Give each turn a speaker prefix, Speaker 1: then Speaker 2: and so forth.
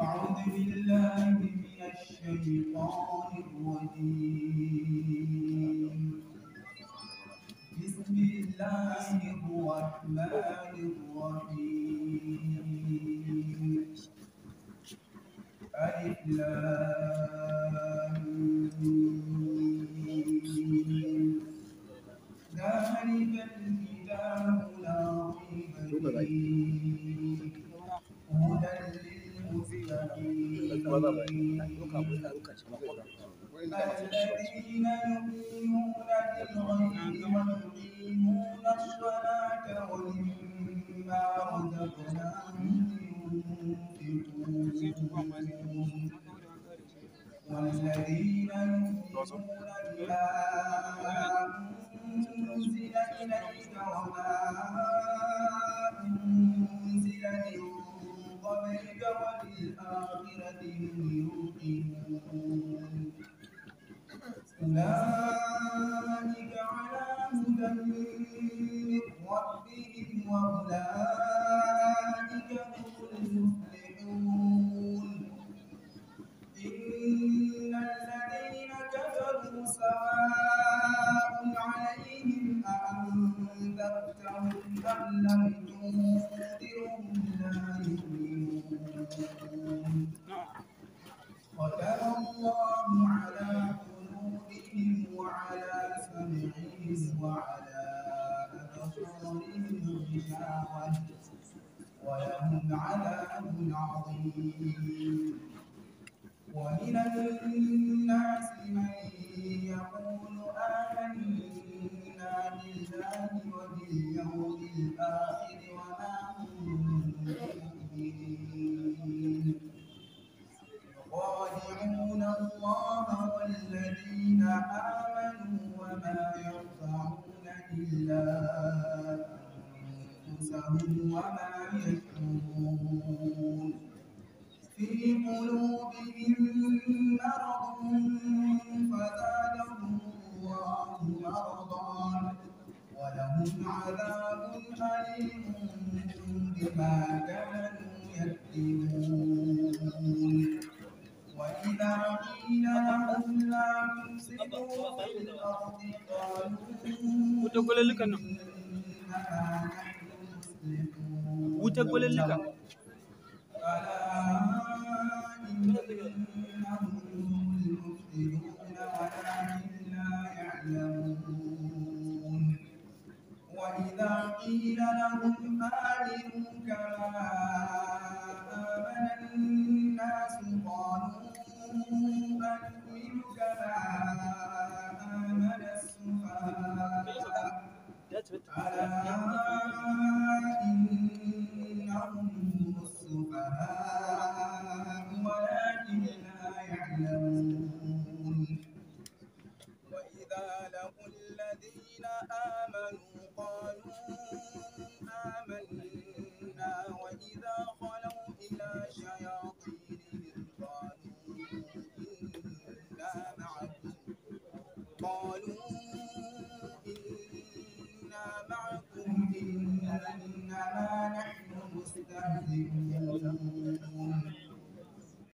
Speaker 1: أعوذ بالله من الشيطان الرجيم بسم الله الرحمن الرحيم ألف ذلك الكتاب لا ريب فيه والذين يؤمنون بالغيب ويقيمون الصلاة ومما رزقناهم ينفقون والذين يؤمنون بما أنزل إليك وما أولئك على هدى من ربهم وأولئك هم المفلحون إن الذين كفروا سواء عليهم أأنذرتهم أم لم تنذرهم عليهم بشاوة ولهم عذاب عظيم ومن الناس من يقول آمنا بالله وباليوم الآخر يفقهون وما يكتبون في قلوبهم مرض فزادهم الله مرضا ولهم عذاب أليم بما كانوا يكذبون وإذا قيل لهم لا تفسدوا في الأرض قالوا إنما نحن
Speaker 2: wutar gwalallika
Speaker 1: وإذا قيل لهم آمنوا كما آمن الناس قالوا آمن كما آمن السفهاء the